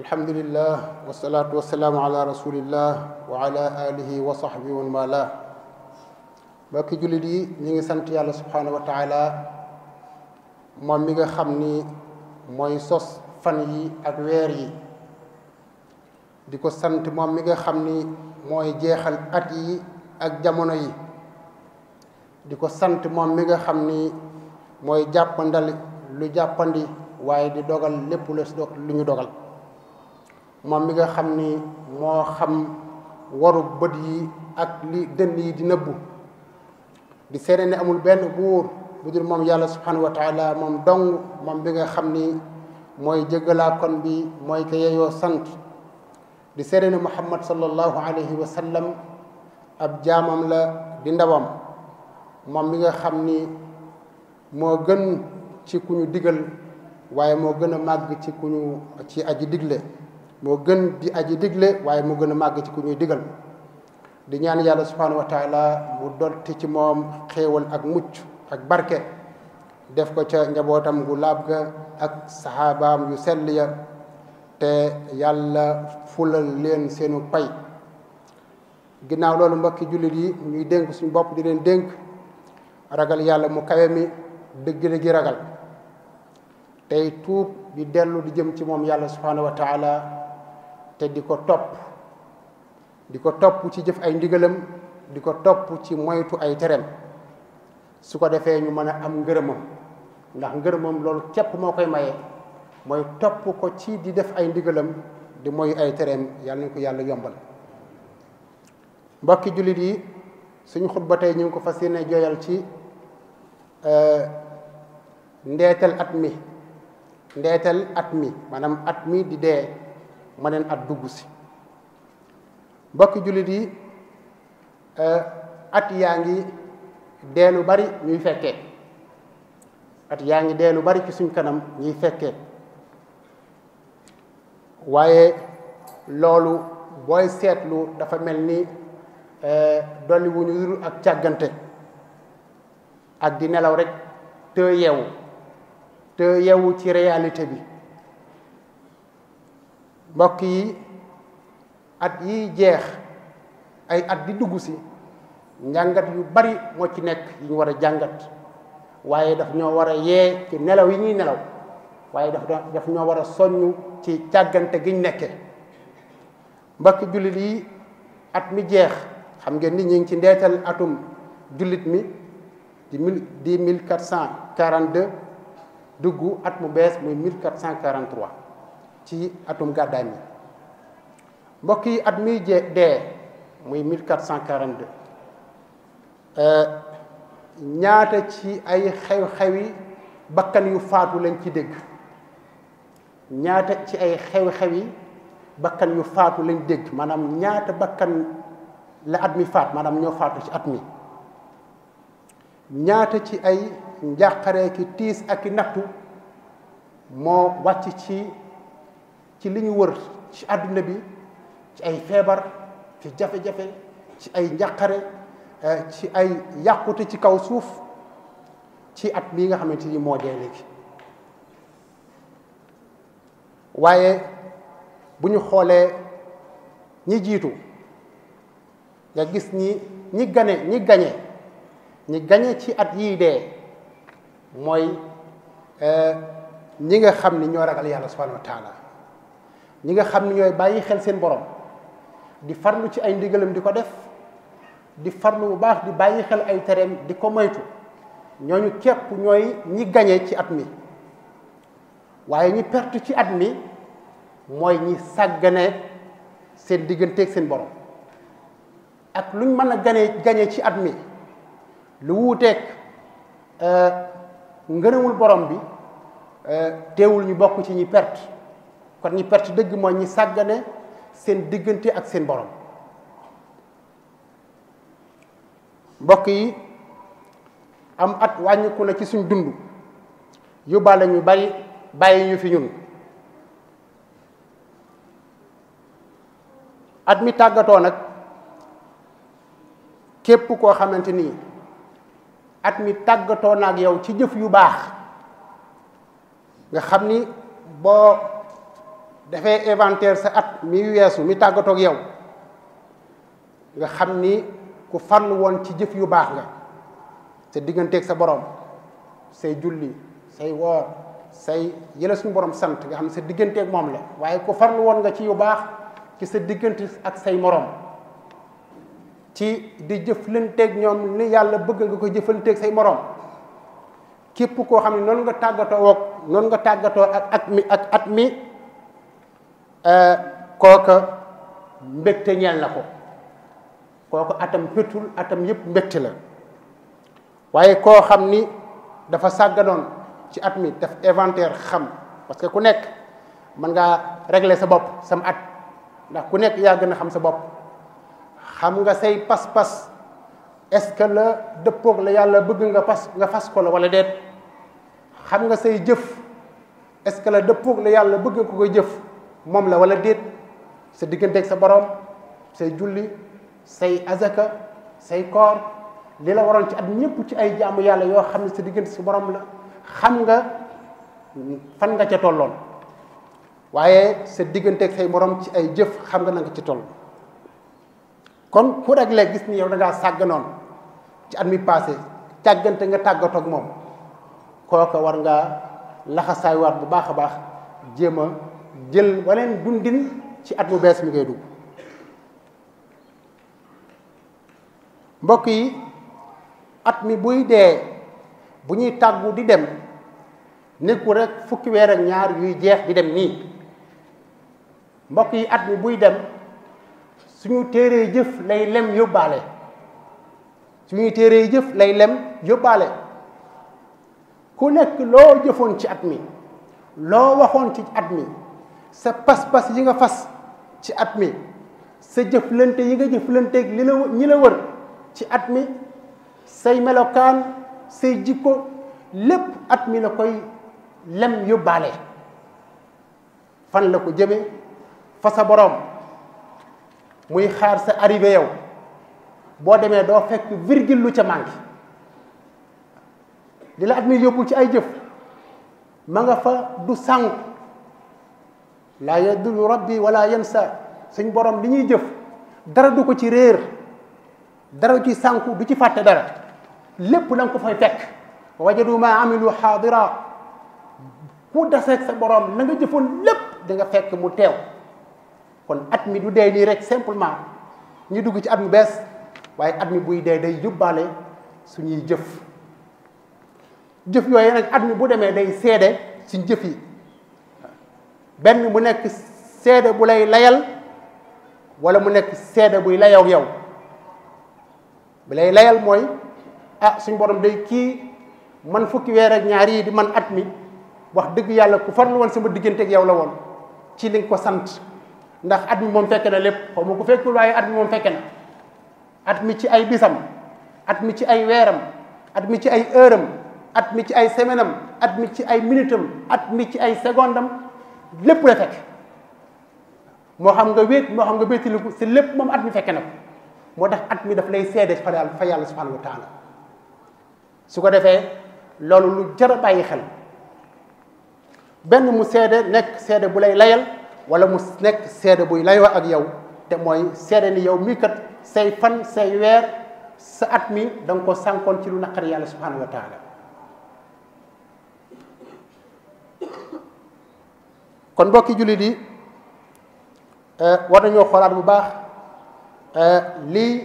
alhamdulillah wasalaatu wasalaamu ala rasulillah wa ala alihi wa sahbi wa mala mbokki jullit yi ñu ngi sant yàlla subhanahu wa taala moom mi nga xam ni mooy sos fan yi ak weer yi di ko sant moom mi nga xam ni mooy jeexal at yi ak jamono yi di ko sant moom mi nga xam ni mooy jàppandal lu jàppandi waaye di dogal lépp lu ñu dogal moom mi nga xam ni moo xam waru bët yi ak li dënn yi di nëbbu di seede ne amul benn buur bu dul moom yàlla subhanahu wa moom dong moom bi nga xam ni mooy jëggalaa bi mooy ko yeyoo sant di seede ne muhammad sallallahu alayhi wa sallam ab jaamam la di ndawam moom mi nga xam ni moo gën ci ku ñu digal waaye moo gën a màgg ci ku ñu ci aji digle moo gën di aji digle waaye mu gën a màgg ci ku ñuy digal di ñaan yàlla subhanahu wa taala mu dolti ci moom xéewal ak mucc ak barke def ko ca njabootam gu laab ga ak saxaabaam yu sell te yàlla fulal leen seenu pay ginnaaw loolu mbokki jullit yi ñuy dénk suñu bopp di leen dénk ragal yàlla mu kawe mi dëgg gi ragal tey tuub di dellu di jëm ci moom yàlla subhanahu wa te di ko topp di ko topp ci jëf ay ndigalam di ko topp ci moytu ay tereem su ko defee ñu mën a am ngërëmam ndax ngërëmam loolu képp moo koy maye mooy topp ko ci di def ay ndigalam di moyu ay tereem yàlla nañ ko yàlla yombal mbokki jullit yi suñu xutba tey ñu ngi ko fas yéene joyal ci euh, ndeetal at mi ndeetal at mi maanaam at mi di dee maneen at dugg si mbokki jullit yi eh, at yaa ngi dee lu bari ñuy fekkee at yaa ngi dee lu bari ci suñ kanam ñuy fekkee waaye loolu booy seetlu dafa mel ni eh, dolli wu ñu ak càggante ak di nelaw rek te yeewu te yeewu ci réalité bi mbokk yi at yi jeex ay at di dugg si njàngat yu bari moo ci nekk yu war a jàngat waaye daf ñoo war a yee ci nelaw yi ñuy nelaw waaye daf daf ñoo war a soññ ci càggante giñ nekkee mbokk jullit yi at mi jeex xam ngeen ni ñu ngi ci ndeetal atum jullit mi di mille di mille quatre cent quarante deux dugg at mu bees muy mille quatre cent quarante trois ci atum gàddaay mi mbokk yi at mi je dee muy 1442 euh, ñaata ci ay xew bakkan yu lañ ci dégg ñaata ci ay xew-xewi bakkan yu faatu lañ dégg maanaam ñaata bakkan la at mi faat maanaam ñoo faatu ci at mi ñaata ci ay njàqaree ki tiis ak i nattu moo wàcc ci ci li ñu wër ci àdduna bi ci ay feebar ci jafe-jafe ci ay njàqare eh, ci ay yàqute ci kaw suuf ci at mii nga xamante ni moo dee léegi waaye bu ñu xoolee ñi jiitu nga gis ñi ñi gane ñi gañe ñi gañe ci at yii de mooy eh, ñi nga xam ni ñoo ragal yàlla subhanahu wa ñi nga xam ni ñooy bàyyi xel seen borom di farlu ci ay ndigalam di ko def di farlu bu baax di bàyyi xel ay tereem di ko moytu ñooñu kepp ñooy ñi gañe ci at mi waaye ñi perte ci at mi mooy ñi sàggane seen digganteeg seen borom ak luñ mën a gane gañe ci at mi lu wuuteeg euh, ngërëmul borom bi euh, teewul ñu bokk ci ñi perte kon ñi perte dëgg mooy ñi sàggane seen diggante ak seen borom mbokk yi am at wàññiku na ci suñ dund yóbbaale ñu bari bàyyi ñu fi ñun at mi tàggatoo nag képp koo xamante nii at mi tàggatoo na ak yow ci jëf yu baax nga xam ni boo dafay inventaire sa at mi weesu mi tàggatoog yow nga xam ni ku farlu woon ci jëf yu baax nga sa digganteeg sa boroom say julli say woor say yële suñu borom sant nga xam ne sa digganteeg moom la waaye ku farlu woon nga ci yu baax ci sa diggante ak say moroom ci di jëflanteeg ñoom ni yàlla bëgg nga ko jëflanteeg say moroom képp koo xam ne noonu nga tàggatoo woog noonu nga tàggatoo ak at mi ak at mi Euh, kooka mbégte ñeel na ko kooka atam pétul atam yëpp mbégte la waaye koo xam ni dafa sàgganoon ci at mi daf inventaire xam parce que ku nekk mën ngaa régler sa bopp sam at ndax ku nekk yàgg na xam sa bopp xam nga say pas-pas est la dëppook la yàlla bëgg nga pas nga fas ko la wala déet xam nga say jëf est-ce que la dëppook la yàlla bëgg nga ko koy jëf moom la wala déet sa digganteeg sa borom say julli say azaka say koor li la waroon ci at ñëpp ci ay jàmm yàlla yoo xam ne sa diggante si borom la xam nga fan nga ca tolloon waaye sa digganteek say boroom ci ay jëf xam nga na nga ci toll kon ku rek lee gis ni yow da ngaa sàgganoon ci at mi passé càggante nga tàggatoo moom kooka war ngaa laxasaay waat bu baax a baax jéem a jël waneen dundin ci at mu bees mi ngay dugg mbokk yi at mi buy dee bu ñuy tàggu di dem nekkul rek fukki weer ñaar yuy jeex di dem nii mbokk yi at mi buy dem suñu téeree jëf lay lem yóbbaale suñu téeree jëf lay lem yóbbaale ku nekk loo jëfoon ci at mi loo waxoon ci at mi sa pas-pas yi nga fas ci at mi sa jëflante yi nga jëflanteeg li la ñi la wër ci at mi say melokaan say jikko lépp at mi la koy lem yóbbaale fan la ko jëme fa sa boroom muy xaar sa arrivé yow boo demee doo fekk virgule lu ca manqué di la at mi yóbbu ci ay jëf ma nga fa du sànq laa yadullu rabbi wala yansa suñ borom li ñuy jëf dara du ko ci réer dara ci sànku du ci fàtte dara lépp la nga ko fay fekk wajadu ma amilu xaadira ku daseeg sa borom la nga jëfoon lépp da nga fekk mu teew kon at mi du dee nii rek simplement ñu dugg ci at mu bees waaye at mi buy dee day yóbbaale suñuy jëf jëf yooyu nag at mi bu demee day seede suñ jëf yi benn mu nekk seede bu lay layal wala mu nekk seede buy layaw yow bu lay layal mooy ah suñ borom de kii man fukki weer ak ñaar yi di man at mi wax dëgg yàlla ku farlu woon sama diggante ak yow la woon ci li ko sant ndax at mi moom fekke na lépp xaw ma ko fekkul waaye at mi moom fekke na at mi ci ay bisam at mi ci ay weeram at mi ci ay heure at mi ci ay semaine at mi ci ay minute at mi ci ay seconde am lépp la fekk moo xam nga wéet moo xam nga wéetiliku si lépp moom at mi fekke na moo tax at mi daf lay seede fa yàlla fa yàlla subhanahu wa su ko defee loolu lu jar a bàyyi xel benn mu seede nekk seede bu lay layal wala mu nekk seede buy layoo ak yow te mooy seede ni yow mii kat say fan say weer sa at mi da nga ko sànkoon ci lu naqari yàlla subhanahu wa kon mbokki jullit yi euh, war nañoo xoolaat bu baax euh, lii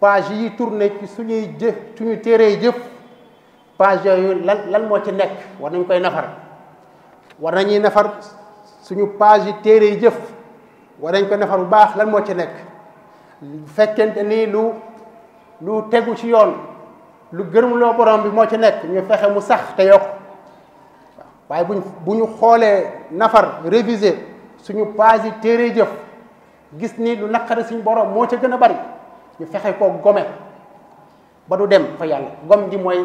page yi tourné ci suñuy jëf suñuy téeree jëf page yooyu lan lan moo ci nekk war nañ koy nafar war nañuy nafar suñu page yi téere yi jëf war nañ koy nafar bu baax lan moo ci nekk bu fekkente ni lu lu tegu ci yoon lu gërëm loo borom bi moo ci nekk ñu fexe mu sax te yokk waaye buñ bu ñu xoolee nafar révisé suñu page yi jëf gis ni lu naqari suñu boroom moo ci gën a bari ñu fexe koo gome ba du dem fa yàlla gom ji mooy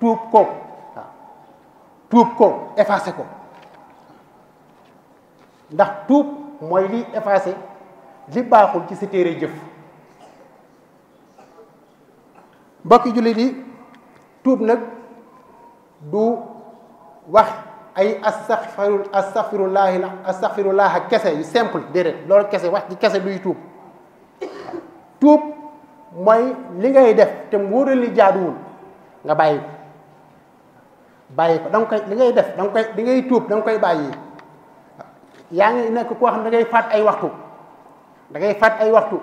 tuub ko waaw tuub ko effacé ko ndax tuub mooy liy effacé li baaxul ci si téere jëf mbokki jullit yi tuub nag du wax ay astaxfiru astaxfirullahi astaxfirullaha kese yu simple déedéet loolu kese wax ji kese duy tuub tuub mooy li ngay def te mu wóoral li jaaduwul nga bàyyi ko bàyyi ko da nga koy li ngay def danga koy li ngay tuub da nga koy bàyyi yaa ngi nekk koo xam ne da ngay faat ay waxtu dangay ngay faat ay waxtu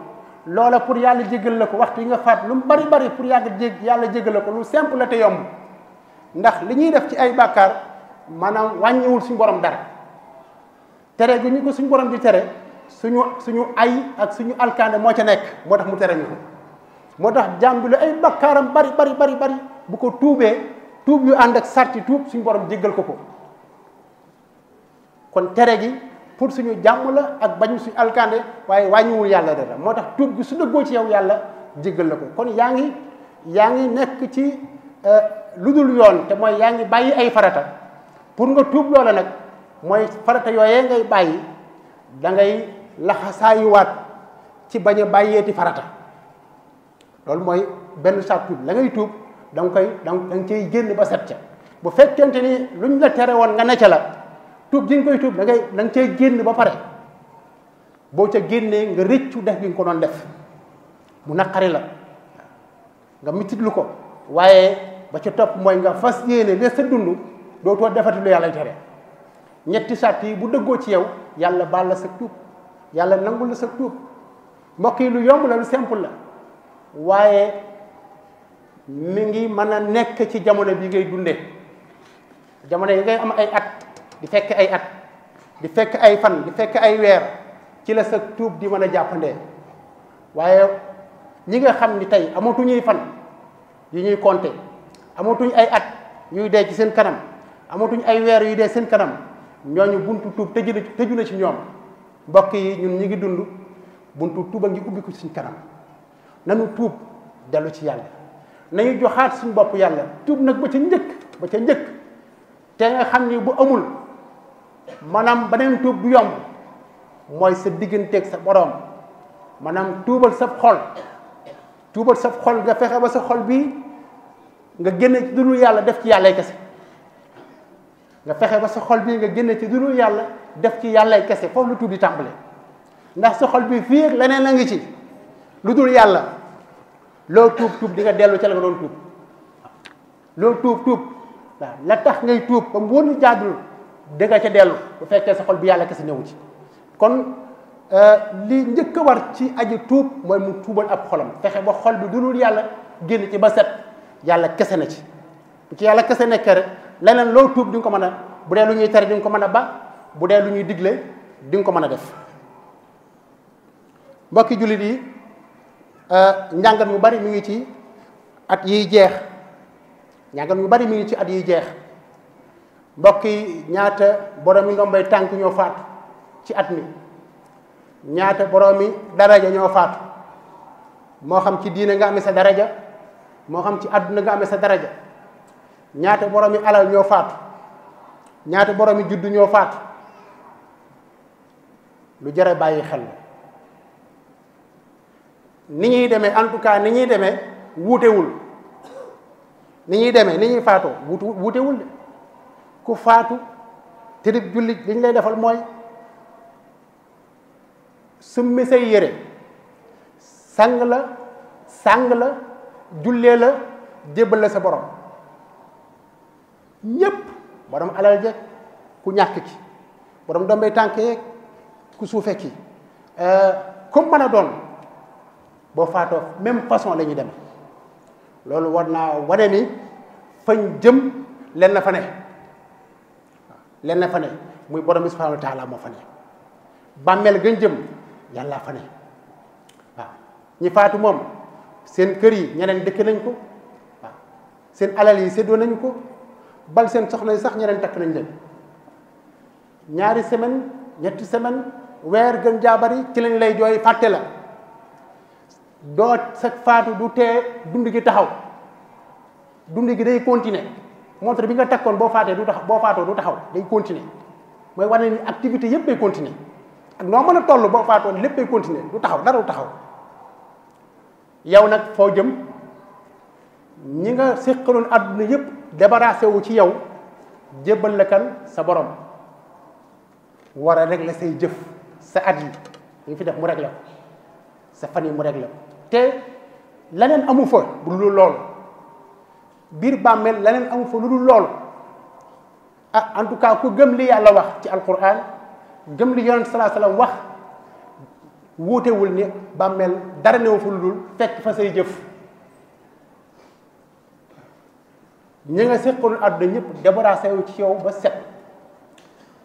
loola pour yàlla jégal la ko waxtu yi nga faat lu mu bari bari pour yàgg jég yàlla jégal la ko lu simple la te yomb ndax li ñuy def ci ay bàkkaar maanaam wàññiwul suñu borom dara tere gi ñu ko suñu borom di tere suñu suñu ay ak suñu alkaande moo ca nekk moo tax mu tere ñu ko moo tax jàmbule bi lu ay bakkaaram bari bari bari bari bu ko tuubee tuub yu ànd ak sarti tuub suñ borom jéggal ko ko kon tere gi pour suñu jàmm la ak bañ suñu alkaande waaye wàññiwul yàlla dara moo tax tuub gi su dëggoo ci yow yàlla jéggal la ko kon yaa ngi yaa ngi nekk ci euh, lu dul yoon te mooy yaa ngi bàyyi ay farata pour nga tuub loola nag mooy farata yooyee ngay bàyyi da ngay laxasaayuwaat ci bañ a bàyyeeti farata loolu mooy benn saat tuub la ngay tuub da nga koy da nga génn ba set ca bu fekkente ni luñ tere woon nga ne ca la tuub ji koy tuub da ngay da nga génn ba pare boo ca génnee nga rëccu def bi nga ko doon def mu naqari la nga mititlu ko waaye ba ca topp mooy nga fas yéene ne sa dund dootoo defati lu yàlla tere ñetti sàtt yi bu dëggoo ci yow yàlla baal la sa tuub yàlla nangul la sa tuub mbokk yi lu yomb la lu simple la waaye mi ngi mën a nekk ci jamono bi ngay dundee jamono yi ngay am ay at di fekk ay at di fekk ay fan di fekk ay weer ci la sa tuub di mën a jàppandee waaye ñi nga xam ni tey amatuñuy fan yu ñuy compter amatuñ ay at ñuy dee ci seen kanam amatuñ ay weer yu de seen kanam ñooñu buntu tuub tëju na tëju na ci ñoom mbokk yi ñun ñi ngi dund buntu tuuba ngi ubbi ko suñ kanam nanu tuub dellu ci yàlla nañu joxaat suñ bopp yàlla tuub nag ba ca njëkk ba ca njëkk te nga xam ni bu amul maanaam beneen tuub du yomb mooy sa digganteeg sa boroom maanaam tuubal sa xol tuubal sa xol nga fexe ba sa xol bii nga génne ci dul yàlla def ci yàllay kese nga fexe ba sa xol bii nga génne ci dulul yàlla def ci yàllay kese foofu lu tuub di tàmbale ndax sa xol bi fii ak leneen a ngi ci lu dul yàlla loo tuub tuub di nga dellu ci la nga doon tuub loo tuub tuub waaw la tax ngay tuub ba mu wóor ni jaadul di nga ca dellu bu fekkee sa xol bi yàlla kese newu ci kon euh, li njëkk a war ci aji tuub mooy mu tuubal ab xolam fexe ba xol bi dulul yàlla génn ci ba set yàlla kese na ci bu ci yàlla kese nekkee rek leneen loolu tuub di nga ko mën a bu dee lu ñuy tere di nga ko mën a ba bu dee lu ñuy digle di nga ko mën a def mbokki jullit yi euh, njàngat mu bari mi ngi ci at yiy jeex njàngat mu bari mi ngi ci at yiy jeex mbokki ñaata boroomi ndombay tànk ñoo faatu ci at mi ñaata boroomi daraja ñoo faatu moo xam ci diine nga amee sa daraja moo xam ci àdduna nga amee sa daraja ñaata boromi alal ñoo faatu ñaata boromi juddu ñoo faatu lu jare bàyyi xel ni ñuy demee en ni ñuy demee wuutewul ni ñuy demee ni ñuy faatoo wuutu wuutewul de ku faatu te di jullit li lay defal mooy summi say yére sang la sang la jullee la jébbal la sa borom ñépp borom alal jeeg ku ñàkk ki borom dombay tànk yeeg ku suufe ki comme euh, mën a doon boo faatoo même façon la dem loolu war naa wane ni fañ jëm lenn fa ne lenn fa ne muy borom bi subhanahu wa fa ne bàmmeel gën jëm yàlla fa ne waaw ñi faatu moom seen kër yi ñeneen dëkk nañ ko waaw seen alal yi séddoo nañ ko bal seen soxna yi sax ñereen takk nañ leen ñaari semaine ñetti semaine weer gën jaabari ci lañ lay jooy fàtte la doo sa faatu du tee dund gi taxaw dund gi day continuer montre bi nga takkoon boo faatee du tax boo faatoo du taxaw day continuer mooy wane ni activité yépp ay continuer ak noo mën a tollu boo faatoon lépp ay continuer du taxaw dara du taxaw yow nag foo jëm ñi nga séqaloon àdduna yépp débarrassé wu ci yow jébbal la sa borom war a régler say jëf sa at yi ñu fi def mu régler ko sa fan yi mu régler te leneen amu fa lu dul loolu biir bàmmeel leneen amu fa lu dul loolu ah en tout cas ku gëm li yàlla wax ci alquran gëm li yonent salaa salaam wax wuutewul ni bàmmeel dara newu fa lu dul fekk fa say jëf ñi nga séqoon àdduna ñëpp débarrassé wu ci yow ba set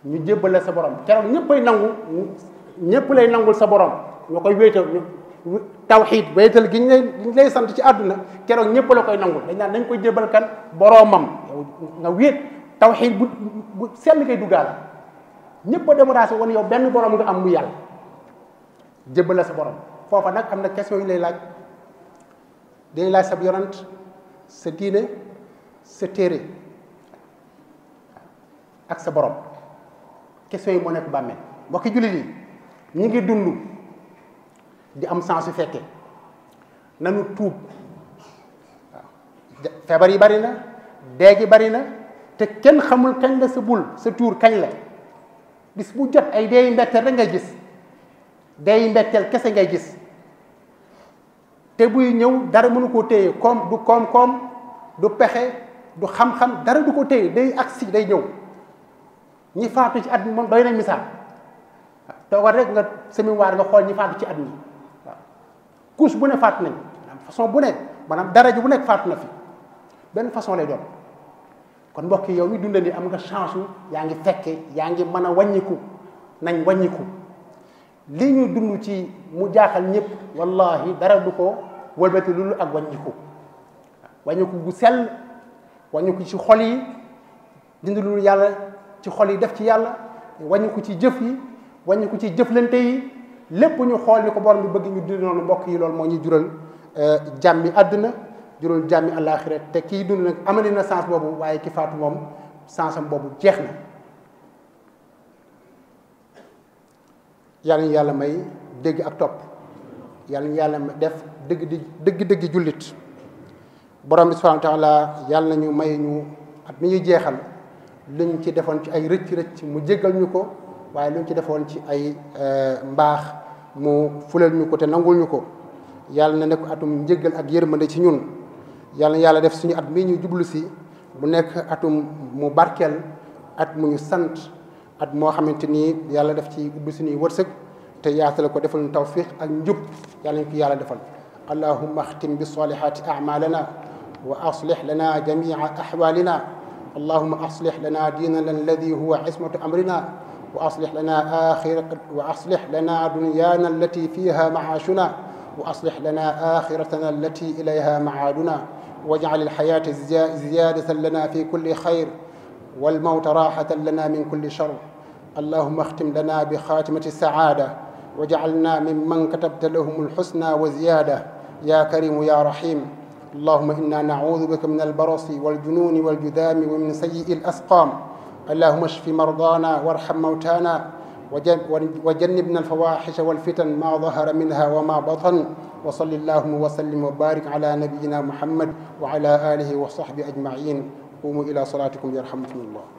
ñu jébbal sa borom keroog ñëpp ay nangu ñëpp lay nangul sa borom ñoo koy wéetal ñu tawxiid wéetal gi ñu lay sant ci àdduna keroog ñëpp la koy nangul dañ naan koy jébbal kan boromam nga wéet tawxiid bu bu sell ngay duggaale ñëpp a débarrassé woon yow benn boroom nga am mu yàlla jébbal sa borom foofa nag am na question yu lay laaj day laaj sa yonant sa diine sa téere ak sa boroom question yu moo nekk bàmmeel mbokki jullit yi ñu ngi dund di am sens su fekkee nanu tuub feebar yi bari na dee bari na te kenn xamul kañ la sa bul sa tuur kañ la bis bu jot ay deeyi mbetteel rek ngay gis deeyi mbetteel kese ngay gis te buy ñëw dara mënu koo téye koom du koom-koom du pexe du xam-xam dara du ko téye day agsi day ñëw ñi faatu ci at mi moom doy nañ misaal waaw toogal rek nga séminaire nga xool ñi faatu ci at mi waaw couche bu ne faatu nañ façon bu nekk dara daraja bu nekk faatu na fi benn façon lay doon kon mbokk yow mi dundal ni am nga chance yaa ngi fekke yaa ngi man a wàññiku nañ wàññiku li ñu dund ci mu jaaxal ñëpp wallahi dara du ko wëlbati loolu ak waññiku wàññiku gu sell wàññi ko ci xol yi dindi lu yàlla ci xol yi def ci yàlla wàññi ko ci jëf yi wàññi ko ci jëflante yi lépp ñu xool ni ko borom bi bëgg ñu dund noonu mbokk yi loolu moo ñuy jural eh, jàmmi àdduna jural jàmmi àllaaxira te kii dund nag amali na sens boobu waaye ki faatu moom sensam boobu jeex na yàlla yàlla may dégg ak topp yàlla ñu yàlla def dëgg di dëgg-dëgg jullit borom bi subhaanahu wa taala yàlla nañu may ñu at mi ñuy jeexal luñ ci defoon ci ay rëcc rëcc mu jéggal ñu ko waaye luñ ci defoon ci ay euh, mbaax mu fulal ñu ko te nangul ñu ko yàlla na nekk atum njéggal ak yërmande ci ñun yàlla na yàlla def suñu at mii ñu jublu si mu nekk atum mu barkeel at mu ñu sant at moo xamante ni yàlla def ci ubbi suñuy wërsëg te yaatal ko defal ñu tawfiq ak njub yàlla ñu ko yàlla defal allahumma axtim bi salihaati amalana وأصلح لنا جميع أحوالنا اللهم أصلح لنا ديننا الذي هو عصمة أمرنا وأصلح لنا آخر وأصلح لنا دنيانا التي فيها معاشنا وأصلح لنا آخرتنا التي إليها معادنا واجعل الحياة زيادة لنا في كل خير والموت راحة لنا من كل شر اللهم اختم لنا بخاتمة السعادة واجعلنا ممن كتبت لهم الحسنى وزيادة يا كريم يا رحيم اللهم إنا نعوذ بك من البرص والجنون والجذام ومن سيء الأسقام اللهم اشف مرضانا وارحم موتانا وجنبنا الفواحش والفتن ما ظهر منها وما بطن وصل اللهم وسلم وبارك على نبينا محمد وعلى آله وصحبه أجمعين قوموا إلى صلاتكم يرحمكم الله